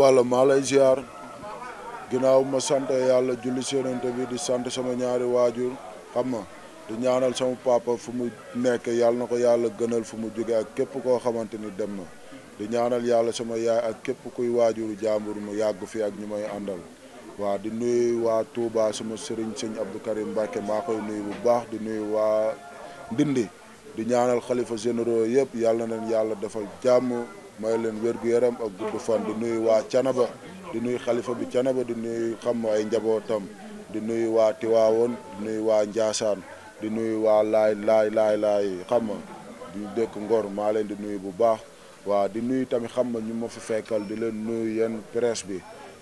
Balla maa lay ziar ginnaaw ma sant yàlla julli séenante bi di sant sama ñaari waajur xam ma di ñaanal sama papa fu mu nekk yàlla na ko yàlla gënal fu mu jóge ak képp koo xamante ni dem na di ñaanal yàlla sama yaay ak képp kuy waajuru jàmbur mu yàgg fi ak ñu may àndal waa di nuyu waa Touba sama sëriñ sëñ Abdou Karim Mbacke maa koy nuyu bu baax di nuyu waa Ndindi di ñaanal xalifa généraux yëpp yàlla na leen yàlla defal jàmm may leen wér-gu-yaram ak gudd fan di nuyu waa Canaba di nuyu xalifa bi Canaba di nuyu xam ay njabootam di nuyu waa Tiwaawoon di nuyu waa Njaasaan di nuyu waa laay laay laay xam nga di dëkk Ngor maa leen di nuyu bu baax waa di nuyu tamit xam nga ñu ma fi fekkal di leen nuyu yenn presse bi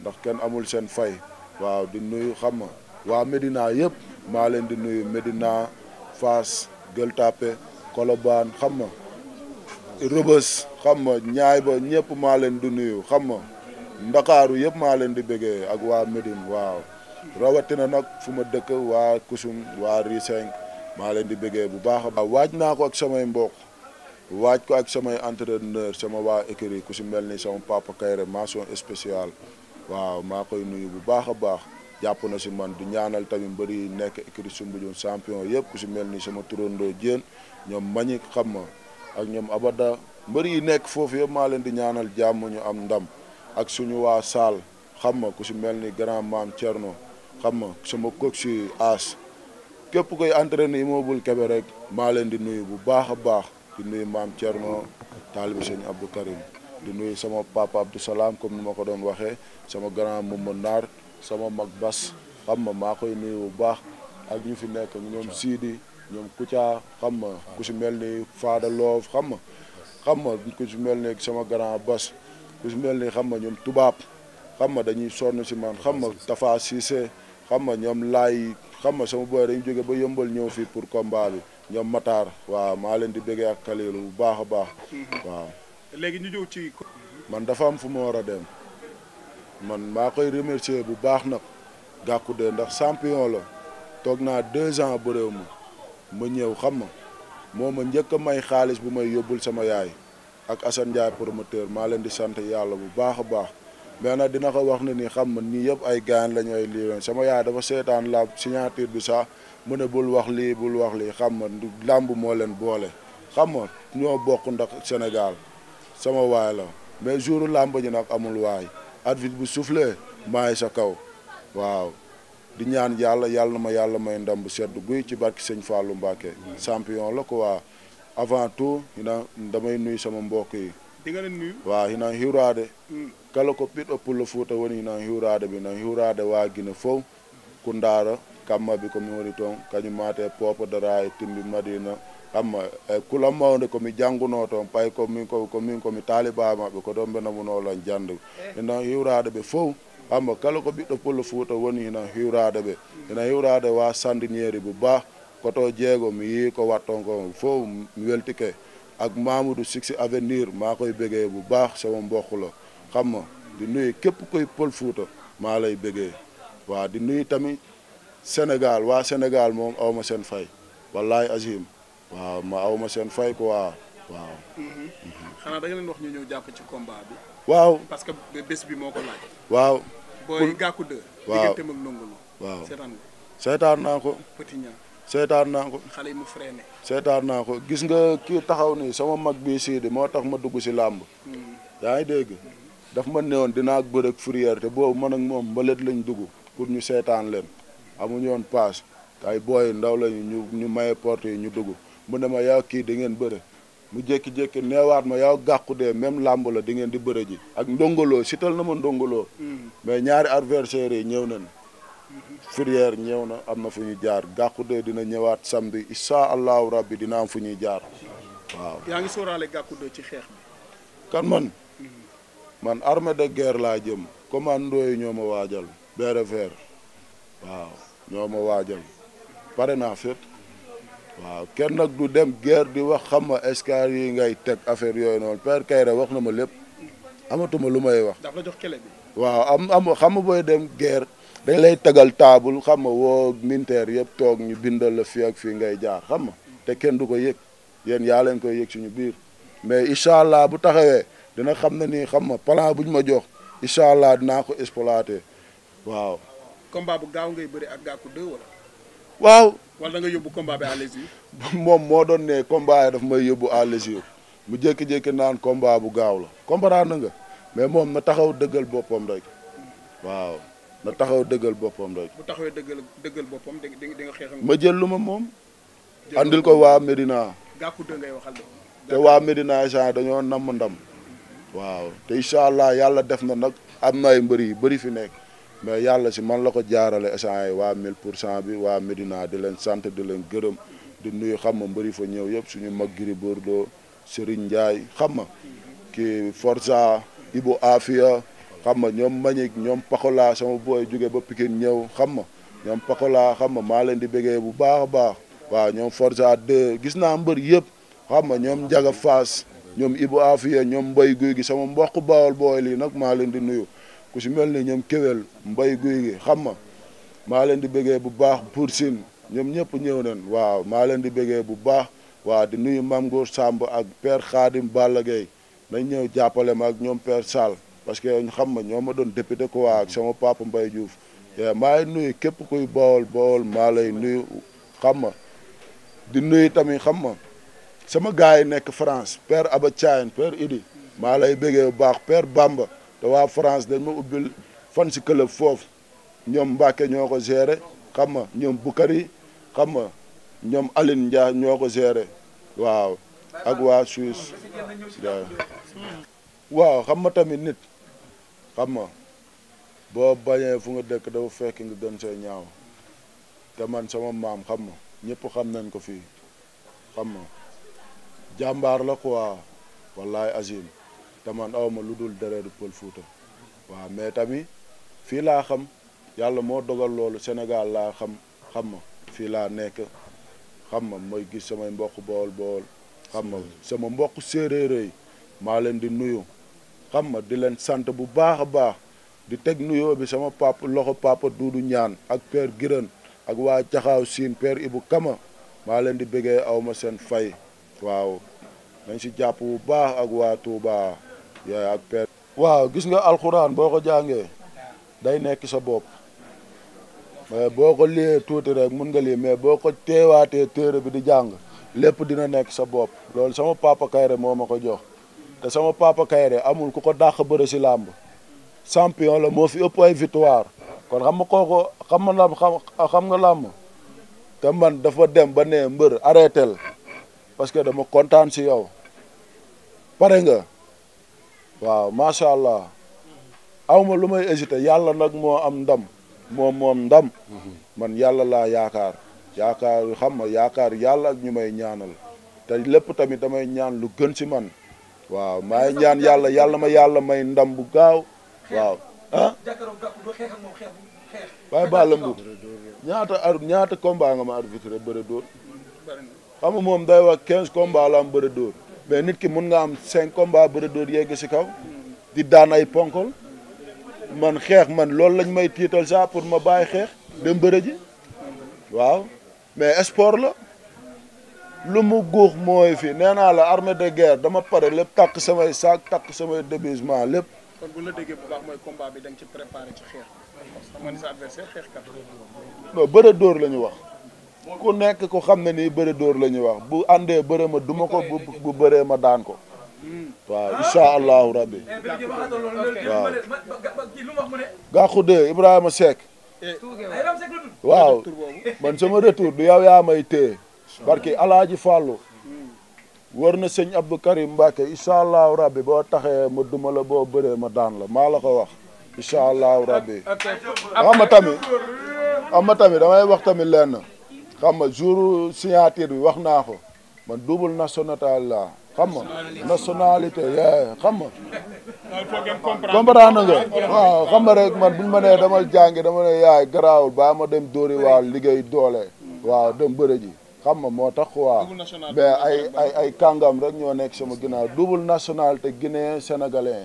ndax kenn amul seen fay waaw di nuyu xam nga waa Médina yëpp maa leen di nuyu Médina Fass Gueule Tapée Colobane xam nga Rëbës xam ma ñaay ba ñëpp maa leen di nuyu xam ma ndakaaru yëpp maa leen di bëggee ak waa Médine waaw rawatina nag fu ma dëkk waa Kusum waa Riseng maa leen di bëggee bu baax a baax waaj naa ko ak samay mbokk waaj ko ak samay entraîneur sama waa écurie ku si mel ni sama papa Kayre mention spéciale waaw maa koy nuyu bu baax a baax jàpp na si man du ñaanal tamit mbëri nekk écurie Soumbédioune sampion yëpp ku si mel ni sama turandoo Diène ñoom mañi xam ma ak ñoom abada mbër yi nekk foofu yëpp maa leen di ñaanal jàmm ñu am ndam ak suñu waa saal xam ma ku si mel ni grand maam Thierno xam ma sama coach si aas képp koy ni immobile kebe rek maa leen di nuyu bu baax a baax di nuyu maam Thierno taalibi sëñ Abdou Karim di nuyu sama papa Abdou Salaam comme ni ma ko doon waxee sama grand Mouma Naar sama mag Bas xam ma maa koy nuyu bu baax ak ñu fi nekk ak ñoom Sidi. ñoom Koutia xam ma ku si mel ni Fada Loof xam ma xam ma ku si mel ni sama grand Bas ku si mel ni xam ma ñoom tubaab xam ma dañuy sonn si man xam ma Tafa Cissé xam ma ñoom laay xam ma sama boy dañu jóge ba yëmbal ñëw fii pour combat bi ñoom Matar waaw maa leen di bëggee ak Kalilu bu baax a baax waaw. léegi ñu ñëw ci. man dafa am fu ma war a dem man maa koy remercier bu baax na gàkku de ndax champion la toog naa deux ans bëréew ma ma ñëw xam ma moo ma njëkk a may xaalis bu may yóbbul sama yaay ak Assane Ndiaye promoteur maa leen di sant yàlla bu baax a baax mais nag dina ko wax ne ni xam ma nii yëpp ay gaan la ñooy lii sama yaay dafa seetaan la signature bi sax mu ne bul wax lii bul wax lii xam ma làmb moo leen boole xam ma ñoo bokk ndax Sénégal sama waay la mais jouru làmb ji nag amul waay arbitre bu soufflé maay sa kaw waaw di ñaan yàlla yàlla ma yàlla may ndam bu sedd guy ci barki sëñ Fallou Mbacké champion la ko quoi avant tout hina damay nuyu sama mbokk yi di nga leen nuyu waaw hina hiwraade hmm. kala ko ɓiɗɗo pulla fouta woni hina hiwraade ɓe hina hiwraade waa gine fof ko ndaara kamma bi komi woni toon kañum maate popodara timbi madina kamma e eh, kulam mawde komi jannguno toon pay komin komin komi taaliba maɓɓe ko ɗon mbenamunoolon jannde hina hiwraade ɓe fof amba kala ko ɓiɗɗo pullo fouta woni hina hiwrade ɓe hina hiwrade wa sandinieri bo ba koto jeego mi yii ko watton ko fof mi weltike ak mamoudou six avenir maa koy bégee bu baax sama mbokk la xam ma di nuy képp koy pël fuuta maa lay bégee waa di nuyu tamit sénégal waa sénégal moom aw ma seen fay wallaay azim waaw ma aw seen fay quoi waaw mm-hmm. waaw booy gàkku dë. waaw digganteem ak ndongolo. waaw seetaan naa ko. petit ña. seetaan naa ko. xale yi mu freiné. naa ko gis nga kii taxaw nii sama mag bii Sidi moo tax ma dugg si làmb. Hmm. yaa ngi dégg. daf ma newoon dinaa bëre ak Fourrière te boobu man ak moom mbalit lañ dugg pour ñu seetaan leen. amuñu woon paas ay booy ndaw lañu ñu ñu maye porte yi ñu dugg mu ne ma yaa kii di ngeen bëre. mu jékki-jékki neewaat ma yow gàqu dee même làmb di ngeen di bëre ji ak ndongoloo sital na ma ndongoloo hmm. mais ñaari adversaires yi ñëw nañ Fourrière ñëw na am na fu ñuy jaar gàqu dina ñëwaat samedi insha allahu rabbi dina am fu ñuy jaar waaw yaa ngi sóoraale gàqu ci xeex bi kan man hmm. man armée guerre laa jëm commando yi ñoo ma waajal beere vert waaw ñoo ma waajal pare naa fépp waaw kenn nag du dem guerre di wax xam ma escar yi ngay teg affaire yooyu noonu Père Kayra wax na ma lépp amatuma lu may wax. dafa la jox kele bi. waaw am am xam nga booy dem guerre dañ lay tegal taabul xam nga woo militaire yëpp toog ñu bindal la fii ak fii ngay jaar xam te kenn du ko yëg yéen yaa leen koy yëg ñu biir mais incha allah bu taxawee dina xam ne nii xam nga plan bu ma jox incha allah dinaa ko exploité waaw. combat bu gaaw bëri ak waaw. wala nga yóbbu combat bi à l'usure. moom moo doon ne combat yi daf may yóbbu à mu jékki-jékki naan combat bu gaaw la comprendre nga mais moom na taxaw dëggal boppam rek taxaw dëggal boppam rek. bu taxawee dëggal dëggal boppam di nga xeex ma jël lu ma moom. andil ko waa Medina. gàkku de ngay waxal te waa Medina genre dañoo namm ndam. waaw te incha allah yàlla def na nag am na ay mbër yu bëri fi nekk. mais yàlla si man la ko jaarale échant yi waa 1000 pour cent bi waa Medina di leen sant di leen gërëm di nuyu xam ma mbëri fa ñëw yëpp suñu mag Gris Bordeaux Serigne Ndiaye xam ma kii Forza Ibu Afia xam ma ñoom Mañik ñoom Pakola sama booy jóge ba Pikine ñëw xam ma ñoom Pakola xam ma maa leen di bëggee bu baax a baax waaw ñoom Forza 2 gis naa mbër yëpp xam ma ñoom Njaga Faas ñoom ibo Afia ñoom Mbay Guy gi sama mbokk Bawol booy lii nag maa leen di nuyu ku si mel ni ñoom kéwél mbay guy gi xam ma maa leen di bëggee bu baax pour sin ñoom ñëpp ñëw nañ waaw maa leen di bëggee bu baax waaw di nuyu Mame Ngor Samb ak per Khadim Balla Gaye nañ ñëw jàppale ma ak ñoom Père Sall parce que xam ma ñoo ma doon député quoi ak sama papa Mbaye Diouf maa ngi nuyu képp kuy bawol bawol maa lay nuyu xam ma di nuyu tamit xam ma sama gars yi nekk France per Aba Thiagne Père Idi maa lay bëggee bu baax per Bamba te waa France dañ ma ubbi fan si club foofu ñoom Mbacke ñoo ko géré xam nga ñoom Bukari xam nga ñoom alin Ndiaye ñoo ko seere waaw ak waa Suisse waaw xam nga tamit nit xam nga boo bañee fu nga dëkk dafa fekk nga gën see ñaaw te man sama maam xam nga ñëpp xam nañ ko fii xam nga jàmbaar la quoi wallaay azim te man awma lu dul dereetu pël Fuuta waaw mais tamit fii laa xam yàlla moo dogal loolu senegaal laa xam xam ma fii laa nekk xam ma mooy gis samay mbokk bool bool xam ma sama mbokk séeréer maa leen di nuyu xam ma di leen sant bu baax a baax di teg nuyoo bi sama papa loxo papa Duudu Ñaan ak père giran ak waa Jaxaaw Siin père Ibu Kama maa leen di bëggee awma seen fay waaw nañ si jàpp bu baax ak waa Tuubaa yaa ya, per waaw gis nga alxuraan boko ko day nek sa bop mais boko li liyee rek mun nga li mais boko ko teewaatee bi di jang lepp dina nek sa bop lol sama papa Kayre momako ko jox te sama papa Kayre amul kuko ko beure ci si champion la mo fi ëpp ay victoire kon xam ko ko xam na làmb xam nga lamb te man dafa dem ba ne mbeur arrêté parce que dama contane si yow pare nga. waaw macha allah ma lu may hésité yàlla nag moo am ndam moom moom ndam man yàlla laa yaakaar yaakaar xam ma yaakaar yàlla ñu may ñaanal te lépp tamit damay ñaan lu gën si man waaw maay ñaan yàlla yàlla ma yàlla may ndam bu gaaw waaw ah waaye Balla Mbuub ñaata ar ñaata combat nga ma arbitré bëre dóor xam nga moom day wax quinze combat la am bëre dóor mais nit ki mun nga am cinq combats bëri yegg si kaw di daan ay ponkol man xeex man loolu lañ may tiital saa pour ma bàyyi xeex dem bëri ji waaw mais sport la lu mu guux mooy fii neenaa la armée de guerre dama pare lépp takk samay saak takk samay déguisement lépp. kon bu la déggee bu baax mooy combat da nga ci préparé ci xeex. man sa adversaire xeex kat. non bëre la ñu wax. ku nekk ku xam ne ni bëre dóor la ñuy wax bu àndee bëre ma duma ko bu bu ma daan ko waaw incha allahu rabbi waaw gàqu dee Ibrahima Seck waaw man sama retour du yow yaa may téye barki alaaji fàllu war na sëñ Abdou Karim Mbacke incha rabbi boo taxee ma duma la boo bëree ma daan la maa la ko wax incha allahu rabbi xam tamit xam nga tamit damay wax tamit lenn xam nga jour signature bi wax naa ko man double nationalité la xam nga nationalité yee xam nga comprendre nga waaw xam nga rek man buñu ma nee dama jàngi dama ne yaay garaawul baa ma dem dóori waa liggéey doole waaw dem bëre xam nga moo tax waaw mais ay ay rek ñoo nekk sama ginnaaw double nationalité guinéen sénégalais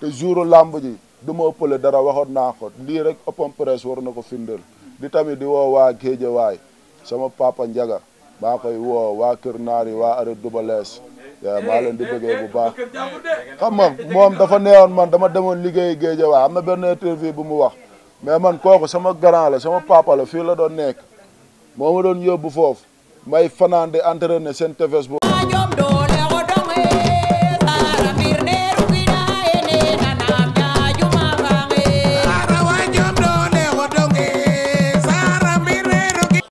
te jour làmb ji du ma ëppale dara waxoon naa ko lii rek open press war na ko findal di tamit di woo waa Géejawaay sama papa njaga maa koy woo waa Kër Naar yi waa Arrêt Duba Lees maa leen di bëggee bu baax xam ma moom dafa neexoon man dama demoon liggéey géej a waa am na benn interview bu mu wax mais man kooku sama grand la sama papa la fii la doon nekk moo ma doon yóbbu foofu may fanaan di entraîner seen tefes bu